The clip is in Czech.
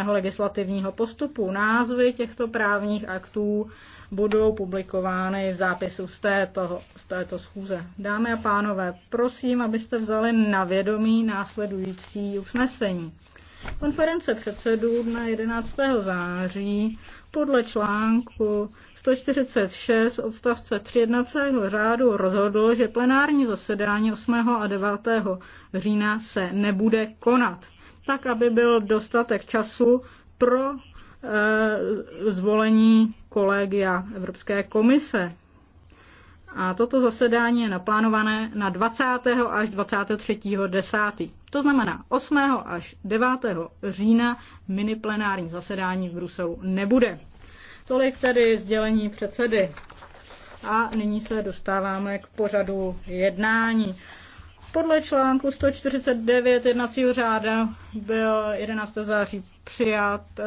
samotného legislativního postupu. Názvy těchto právních aktů budou publikovány v zápisu z této, z této schůze. Dámy a pánové, prosím, abyste vzali na vědomí následující usnesení. Konference předsedů dne 11. září podle článku 146 odstavce 3 jednacího řádu rozhodlo, že plenární zasedání 8. a 9. října se nebude konat tak aby byl dostatek času pro eh, zvolení kolegia Evropské komise. A toto zasedání je naplánované na 20. až 23. 10. To znamená 8. až 9. října mini plenární zasedání v Bruselu nebude. Tolik tedy sdělení předsedy. A nyní se dostáváme k pořadu jednání. Podle článku 149 jednacího řáda byl 11. září přijat